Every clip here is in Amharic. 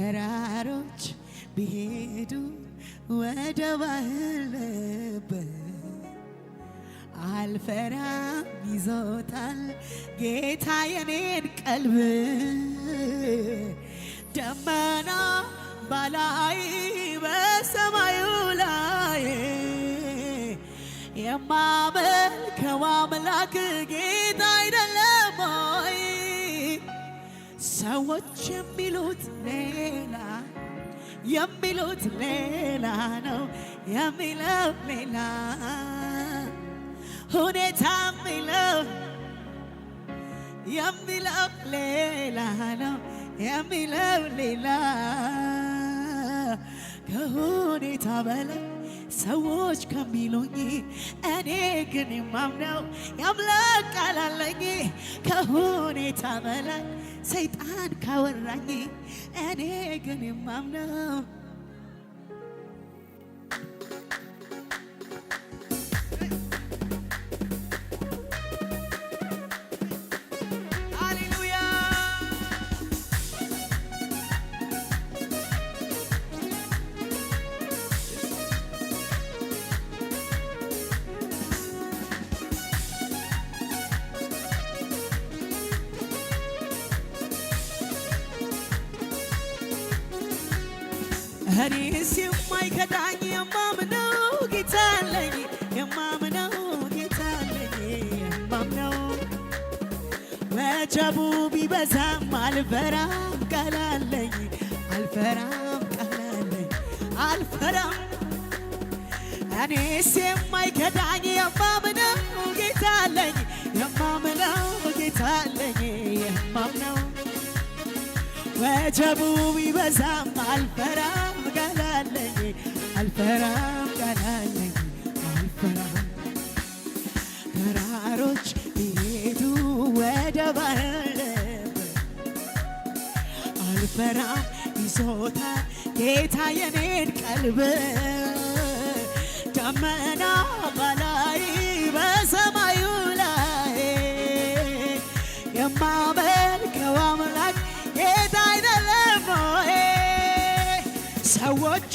ተራሮች ቢሄዱ ወደ ባህር ልብ አልፈራም ይዞታል ጌታ የኔን ቀልብ ደመና ባላይ በሰማዩ ላይ የማመልከው አምላክ ጌታ አይደለም ወይ? ሰዎች የሚሉት ሌላ የሚሉት ሌላ ነው የሚለው ሌላ ሁኔታ የሚለው የሚለው ሌላ ነው የሚለው ሌላ ከሁኔታ በላይ ሰዎች ከሚሉኝ እኔ ግን የማምነው የአምላክ ቃል አለኝ። ከሁኔታ በላይ ሰይጣን ካወራኝ እኔ ግን የማምነው እኔስ የማይከዳኝ የማምነው ጌታ አለኝ የማምነው ጌታ አለኝ የማምነው ወጀቡ ቢበዛም አልፈራም ቃል አለኝ አልፈራም ቃል አለኝ አልፈራም እኔስ የማይከዳኝ የማምነው ጌታ አለኝ የማምነው ጌታ አለኝ የማምነው ወጀቡ ቢበዛም አልፈራም አለኝ አልፈራም ቃል አልፈራም ተራሮች ቢሄዱ ወደ አልፈራም ይዞታ ጌታ የኔን ቀልብ ደመና በላይ በሰማ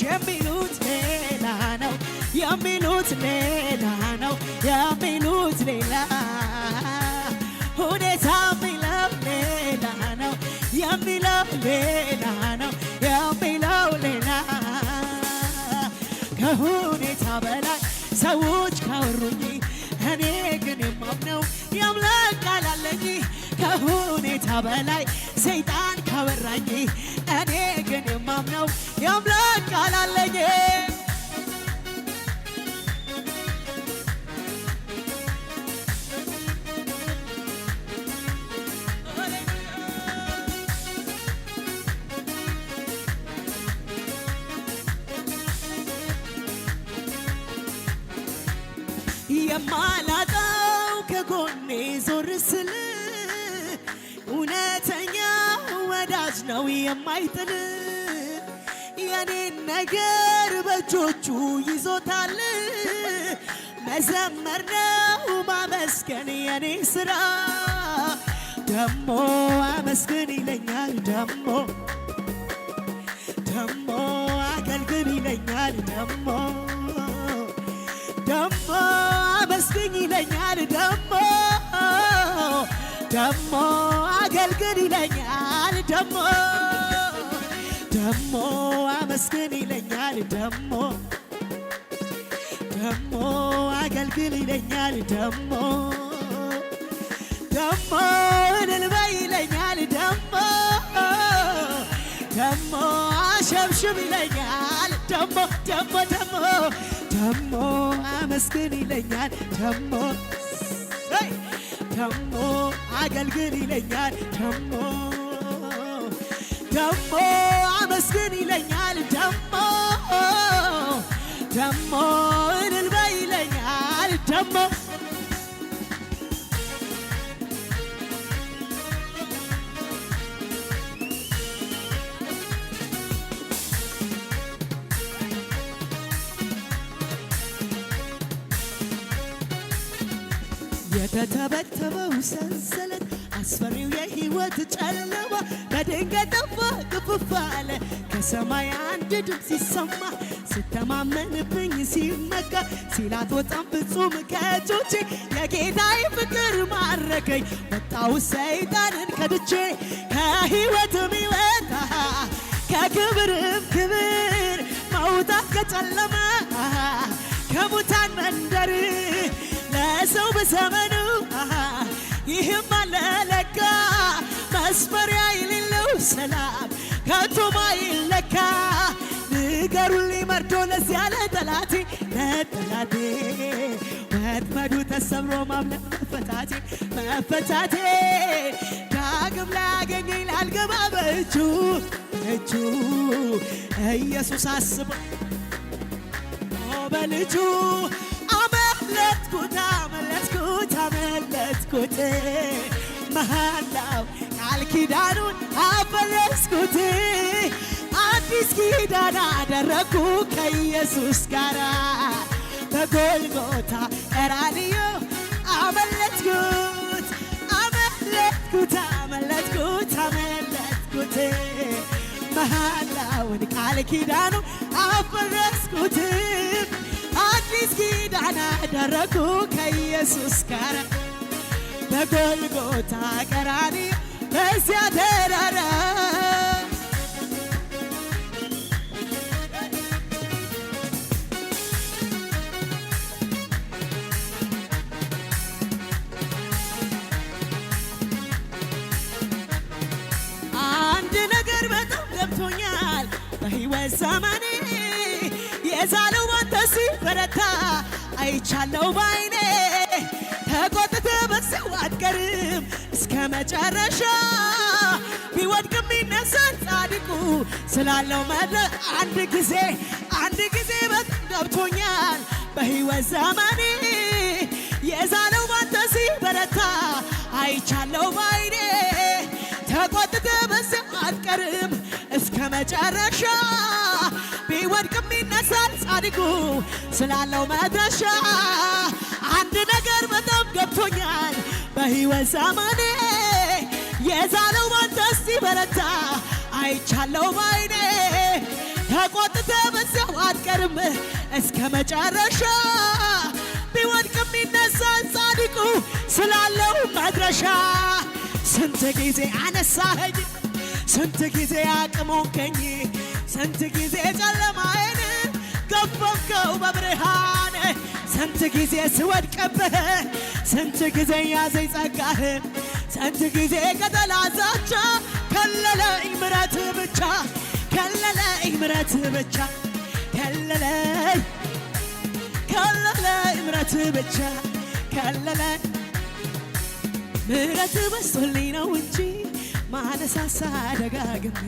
የሚሉት ሌላ ነው የሚሉት ሌላ ነው የሚሉት ሌላ ሁኔታ የሚለው ሌላ ነው የሚለው ሌላ ነው የሚለው ሌላ ከሁኔታ በላይ ሰዎች ካወሩኝ እኔ ግን የማምነው የአምላክ ቃል አለኝ ከሁኔታ በላይ ሰይጣን ካወራኝ እኔ ግን የማምነው የአምላክ ቃል አለኝ የማይጥል የኔን ነገር በእጆቹ ይዞታል። መዘመር ነው ማመስገን የኔ ስራ ደሞ አመስግን ይለኛል ደሞ ደሞ አገልግል ይለኛል ደሞ ደሞ አመስግን ይለኛል ደሞ ደሞ አገልግል ይለኛል ደሞ ደሞ አመስግን ይለኛል ደሞ ደሞ አገልግል ይለኛል ደሞ ደሞ እልል ይለኛል ደሞ ደሞ አሸብሽብ ይለኛል ደሞ ደሞ ደሞ ደሞ አመስግን ይለኛል ደሞ ደሞ አገልግል ይለኛል ደሞ ደሞ አመስግን ይለኛል ደሞ ደሞ እልል ይለኛል ደሞ የተተበተበው ሰንሰለት አስፈሪው የሕይወት ጨለማ በድንገት ጠፋ ክፍፍ አለ ከሰማይ አንድ ድምፅ ሲሰማ ስተማመንብኝ ሲመካ ሲላት ወጣም ፍጹም ከእጆቼ የጌታዬ ፍቅር ማረከኝ ወጣው ሰይጣንን ከድቼ ከሕይወትም ሕይወት ከክብርም ክብር መውጣት ከጨለማ ከሙታን መንደር ለሰው በዘመኑ ይህም አለ ለካ መስፈሪያ የሌለው ሰላም ከቶ ማይለካ ንገሩልኝ መርዶ ለዚያ ጠላቴ ለጠላቴ ወጥመዱ ተሰብሮ ማምለጥ መፈታቴ መፈታቴ ዳግም ላያገኘኝ ላልገባ በእጁ እጁ ኢየሱስ አስቦ በልጁ አመለጥኩት አመለጥኩት አመለጥኩት መሃላው ቃል ኪዳኑን አፈረስኩት፣ አዲስ ኪዳን አደረግኩ ከኢየሱስ ጋር በጎልጎታ ቀራንዮ አመለጥኩት አመለጥኩት አመለጥኩት አመለጥኩት መሃላውን ቃል ኪዳኑ አፈረስኩት አዲስ ኪዳን አደረግኩ ከኢየሱስ ጋር በጎልጎታ ቀራንዮ በዚያ ተራራ አንድ ነገር በጣም ገብቶኛል በሕይወት ዘመኔ የዛለው ሲበረታ አይቻለው ባይኔ ተቆጥተ በሰው መጨረሻ ቢወድቅም ይነሳል ጻድቁ ስላለው መድረ አንድ ጊዜ አንድ ጊዜ በጣም ገብቶኛል በሕይወት ዘመኔ የዛለው ባንተ ሲበረታ አይቻለው ባይኔ ተቆጥተ በዚያ አትቀርም እስከ መጨረሻ ቢወድቅም ይነሳል ጻድቁ ስላለው መድረሻ አንድ ነገር በጣም ገብቶኛል በሕይወት ዘመኔ የዛለው ማንተስ በረታ አይቻለው ባይኔ ተቆጥተ በዚያው አትቀርም እስከ መጨረሻ ቢወድቅ የሚነሳ ጻድቁ ስላለው መድረሻ ስንት ጊዜ አነሳኸኝ ስንት ጊዜ አቅሞከኝ ስንት ጊዜ ጨለማዬን ገፈንከው በብርሃን ስንት ጊዜ ስወድቅብህ ስንት ጊዜ ያዘኝ ጸጋህ ስንት ጊዜ ከተላዛቻ ከለለኝ ምረት ብቻ ከለለኝ ምረት ብቻ ከለለኝ ከለለኝ ምረት ብቻ ከለለኝ ምረት በስቶልኝ ነው እንጂ ማነሳሳ ደጋግሜ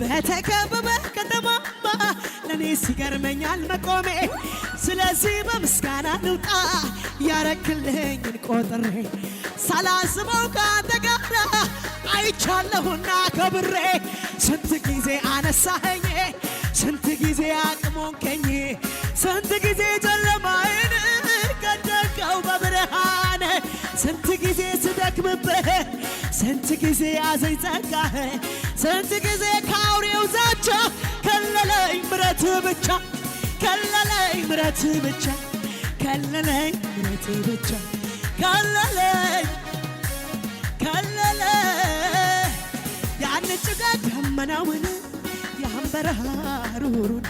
በተከበበ ከተማ ለእኔ ሲገርመኛል መቆሜ። ስለዚህ በምስጋና ልውጣ ያረክልኝን ቆጥሬ ሳላስበው ከአንተ ጋር አይቻለሁና ከብሬ ስንት ጊዜ አነሳኸኝ፣ ስንት ጊዜ አቅሞንከኝ፣ ስንት ጊዜ ጨለማዬን ቀደቀው በብርሃን ስንት ጊዜ ስደክምብህ፣ ስንት ጊዜ ያዘኝ ጸጋህ፣ ስንት ጊዜ ከአውሬው ዛቻ ከለለኝ ምረት ብቻ ከለለኝ ምረት ብቻ ከለለኝ ምረት ብቻ ከለለ ከለለ ያን ጭጋግ ደመናውን ያን በረሃ ሩሩን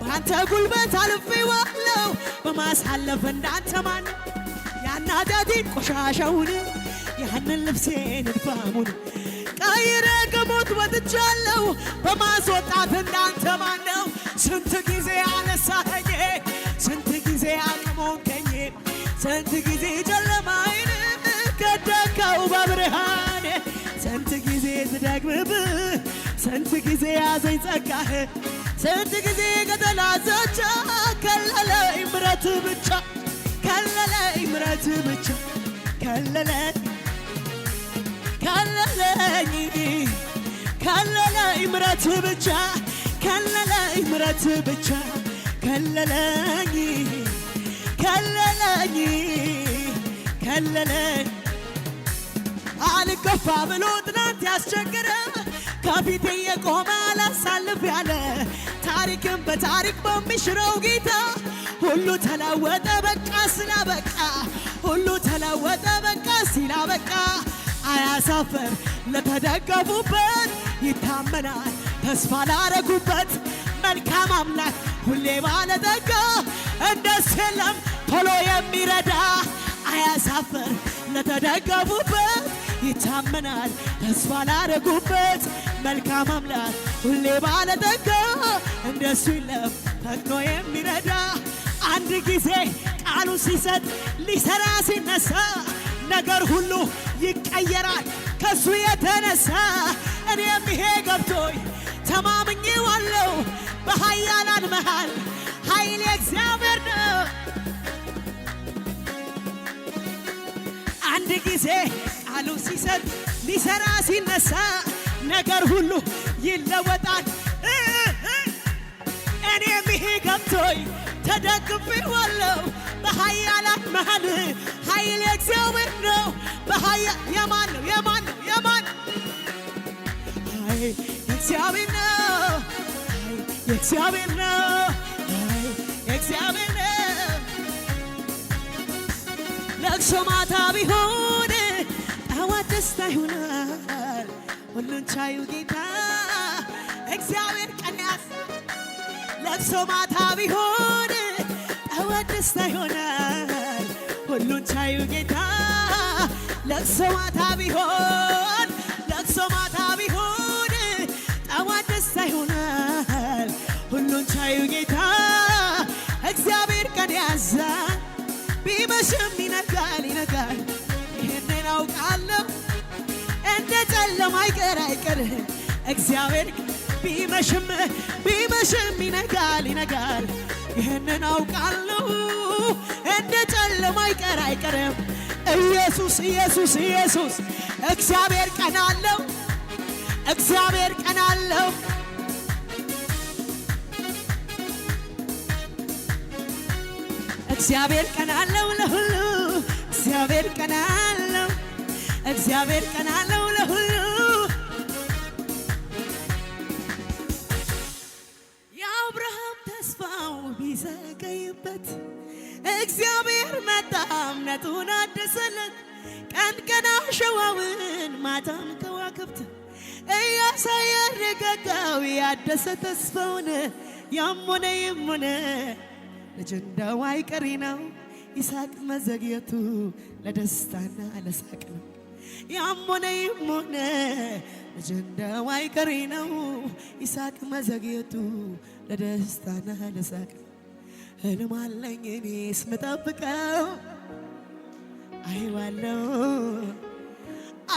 በአንተ ጉልበት አልፌዋለሁ በማሳለፍ እንዳንተ ማን ያናዳቴን ቆሻሻውን ያንን ልብሴን እድፋሙን ቀይረ ከሞት ወጥቻለሁ በማስወጣት እንዳንተ ማነው ስንት ጊዜ አነሳኸኝ ስንት ጊዜ አቅሞከኝ ስንት ጊዜ ጨለማዬን ከደካው በብርሃን ስንት ጊዜ ትደግምብህ ስንት ጊዜ ያዘኝ ጸጋህ ስንት ጊዜ ከተላዘቻ ከለለኝ ምረት ብቻ ከለለኝ ምረት ብቻ ከለለኝ ከለለኝ ከለለኝ ምረት ብቻ ከለለኝ ምረት ብቻ ከለለኝ ከለለኝ ከለለኝ አልገፋ ብሎ ትናንት ያስቸገረ ከፊቴ የቆመ አላሳልፍ ያለ ታሪክን በታሪክ በሚሽረው ጌታ ሁሉ ተለወጠ በቃ ስላበቃ ሁሉ ተለወጠ በቃ ሲላበቃ አያሳፈር ለተደገፉበት ይታመናል ተስፋ ላረጉበት መልካም አምላክ ሁሌ ባለጠጋ እንደስ የለም ቶሎ የሚረዳ አያሳፍር ለተደገፉበት ይታመናል ተስፋ ላረጉበት መልካም አምላክ ሁሌ ባለጠጋ እንደሱ የለም ፈጥኖ የሚረዳ አንድ ጊዜ ቃሉ ሲሰጥ ሊሰራ ሲነሳ ነገር ሁሉ ይቀየራል ከሱ የተነሳ እኔም ይሄ ገብቶኝ ተማምኜዋለሁ በኃያላን መሃል ኃይል እግዚአብሔር ነው። አንድ ጊዜ ቃሉ ሲሰጥ ሊሰራ ሲነሳ ነገር ሁሉ ይለወጣል። እኔም ይሄ ገብቶኝ ተደግፌዋለሁ በኃያላን መሃል ኃይል እግዚአብሔር ነው። በኃያ የማን ነው የማን ነው የማን የእግዚአብሔር ነው የእግዚአብሔር ነው የእግዚአብሔር ነው። ለቅሶ ማታ ቢሆን ጠዋት ደስታ ይሆናል። ሁሉን ቻዩ ጌታ እግዚአብሔር ቀን ያስ ለቅሶ ማታ ቢሆን ጠዋት ደስታ ይሆናል። ሁሉን ቻዩ ጌታ ለቅሶ ማታ ቢሆን ሲመሽም ይነጋል ይነጋል። ይህንን አውቃለሁ እንደ ጨለማ አይቀር አይቀር እግዚአብሔር ቢመሽም ቢመሽም ይነጋል ይነጋል። ይህንን አውቃለሁ እንደ ጨለማ አይቀር አይቀርም ኢየሱስ ኢየሱስ ኢየሱስ እግዚአብሔር ቀናለው እግዚአብሔር ቀናለው እግዚአብሔር ቀን አለው ለሁሉ እግዚአብሔር ቀን አለው እግዚአብሔር ቀን አለው ለሁሉ የአብርሃም ተስፋው ቢዘገይበት እግዚአብሔር መጣ እምነቱን አደሰለት። ቀን ቀን አሸዋውን ማታም ከዋክብት እያሳየ ያረጋጋው ያደሰ ተስፋውን ያም ሆነ ይም ሆነ ልጅንዳው አይቀሪ ነው ይስሐቅ መዘግየቱ ለደስታና አለሳቅ ነው። ያም ሆነ ይህም ሆነ ልጅንዳው አይቀሪ ነው ይስሐቅ መዘግየቱ ለደስታና ለሳቅ ነው። ህልም አለኝ እኔ ስምጠብቀው አየዋለው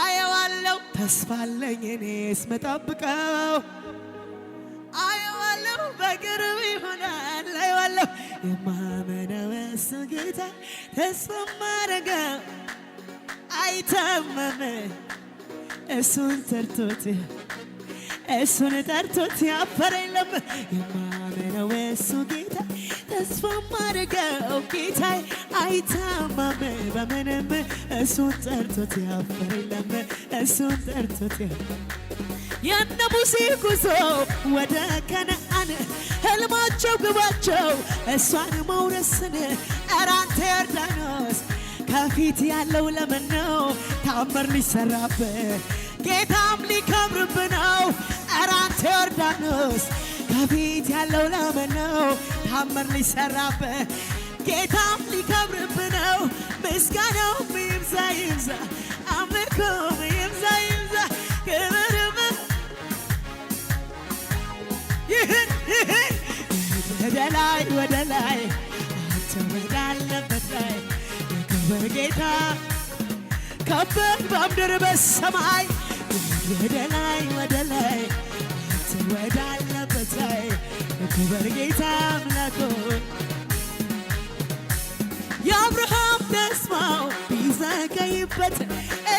አየዋለው ተስፋ አለኝ እኔ ስምጠብቀው አየዋለው በቅርብ ይሆናል እማመነው እሱ ጌታ ተስፋ ማረገው አይታመመ እሱን ጠርቶት እሱን ጠርቶት ያፈረ የለም። የማመነው እሱ ጌታ ተስፋ ማረገው ጌታ አይታመመ በምንም እሱን ጠርቶት ያፈረ የለም። እሱን ጠርቶት የነ ሙሴ ጉዞ ወደ ከነአን ህልማቸው ግባቸው እሷን መውረስን እራንተ ዮርዳኖስ ከፊት ያለው ለምን ነው ታምር ሊሰራብህ ጌታም ሊከብርብ ነው እራንተ ዮርዳኖስ ከፊት ያለው ለምን ነው ታምር ሊሰራብህ ጌታም ሊከብርብ ነው ምስጋናውም ይብዛ ይብዛ አምልኮም ይብዛ በላይ አንተ ወዳለበት ላይ የክብር ጌታ ከበድ በምድር በሰማይ ወደ ላይ ወደ ላይ አንተ ወዳለበት ላይ የክብር ጌታ አምላክ የአብርሃም ተስፋው ቢዘገይበት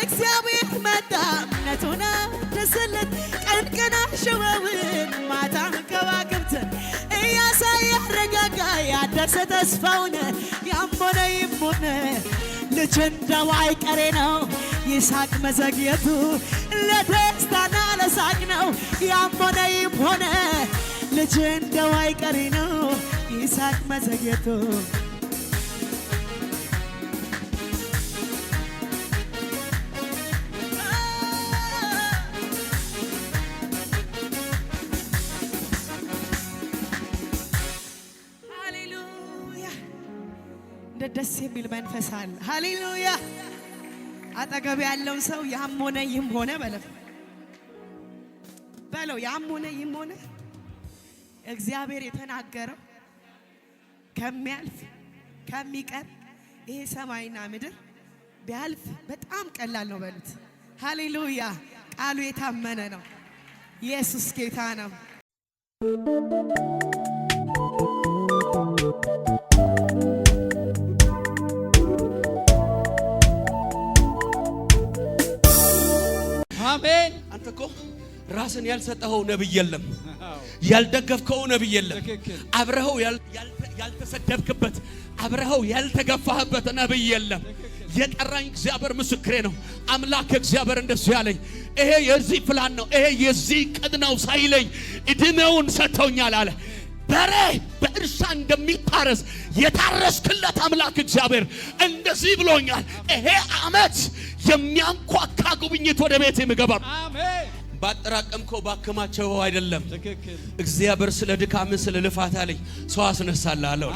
እግዚአብሔር መጣ እምነቱን አደሰለት ቀን ቀን አሸዋውን መመለስ ተስፋውነ ያሞነ ይሙነ ልጅ እንደው አይቀሬ ነው ይሳቅ መዘግየቱ ለደስታና ለሳቅ ነው ያሞነ ይሆነ ልጅ እንደው አይቀሬ ነው ይሳቅ መዘግየቱ መወደድ ደስ የሚል መንፈስ አለ። ሃሌሉያ! አጠገብ ያለው ሰው ያም ሆነ ይህም ሆነ በለው በለው፣ ያም ሆነ ይህም ሆነ እግዚአብሔር የተናገረው ከሚያልፍ ከሚቀር ይሄ ሰማይና ምድር ቢያልፍ በጣም ቀላል ነው በሉት። ሃሌሉያ! ቃሉ የታመነ ነው። ኢየሱስ ጌታ ነው። አሜን። አንተ እኮ ራስን ያልሰጠኸው ነብይ የለም፣ ያልደገፍከው ነብይ የለም። አብረኸው ያልተሰደብክበት አብረኸው ያልተገፋህበት ነብይ የለም። የጠራኝ እግዚአብሔር ምስክሬ ነው። አምላክ እግዚአብሔር እንደሱ ያለኝ ይሄ የዚህ ፕላን ነው፣ ይሄ የዚህ ቅድ ነው ሳይለኝ እድሜውን ሰጥተውኛል አለ። በሬ በእርሻ እንደሚታረስ የታረስክለት አምላክ እግዚአብሔር እንደዚህ ብሎኛል። ይሄ አመት የሚያንኳካ ጉብኝት ወደ ቤት የምገባ ባጠራቀምከው ባከማቸው አይደለም። እግዚአብሔር ስለ ድካም ስለ ልፋት አለኝ ሰው አስነሳለሁ።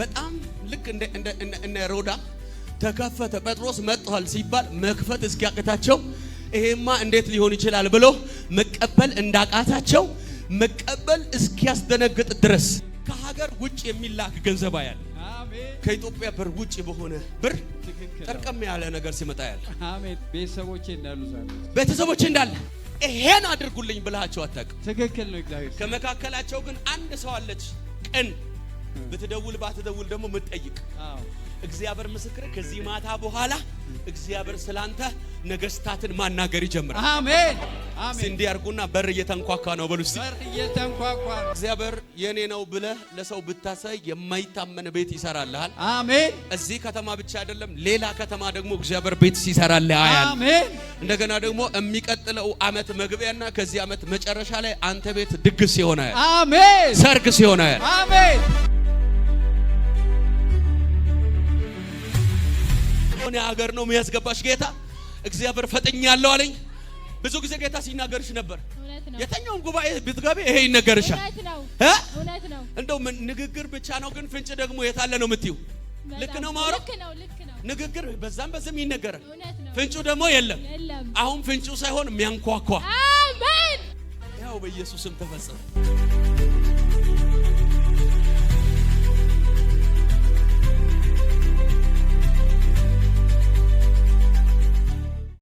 በጣም ልክ እንደ ሮዳ ተከፈተ። ጴጥሮስ መጥቷል ሲባል መክፈት እስኪያቅታቸው ይሄማ እንዴት ሊሆን ይችላል ብሎ መቀበል እንዳቃታቸው መቀበል እስኪያስደነግጥ ድረስ ከሀገር ውጭ የሚላክ ገንዘብ አያል። ከኢትዮጵያ ብር ውጭ በሆነ ብር ጠርቀም ያለ ነገር ሲመጣ ያለ ቤተሰቦቼ እንዳለ ይሄን አድርጉልኝ ብላቸው አታውቅም። ትክክል ነው እግዚአብሔር። ከመካከላቸው ግን አንድ ሰው አለች ቀን ብትደውል ባትደውል ደግሞ ምጠይቅ እግዚአብሔር ምስክር ከዚህ ማታ በኋላ እግዚአብሔር ስላንተ ነገስታትን ማናገር ይጀምራል። አሜን አሜን። እንዲህ አድርጉና በር እየተንኳኳ ነው በሉ። እስቲ እግዚአብሔር የኔ ነው ብለህ ለሰው ብታሳይ የማይታመን ቤት ይሰራልሃል። አሜን። እዚህ ከተማ ብቻ አይደለም፣ ሌላ ከተማ ደግሞ እግዚአብሔር ቤት ሲሰራልህ አያል። አሜን። እንደገና ደግሞ የሚቀጥለው አመት መግቢያና ከዚህ አመት መጨረሻ ላይ አንተ ቤት ድግስ ሲሆን አሜን። ሰርግ ሲሆን አሜን። ሆነ ሀገር ነው የሚያስገባሽ ጌታ እግዚአብሔር ፈጥኛለሁ አለኝ። ብዙ ጊዜ ጌታ ሲናገርሽ ነበር። የተኛውም ጉባኤ ብትገቢ ይሄ ይነገርሻል። እንደው ንግግር ብቻ ነው፣ ግን ፍንጭ ደግሞ የታለ ነው የምትዩ ልክ ነው ማውራት ንግግር በዛም በዛም ይነገራል። ፍንጩ ደግሞ የለም። አሁን ፍንጩ ሳይሆን የሚያንኳኳ ያው በኢየሱስም ተፈጸመ።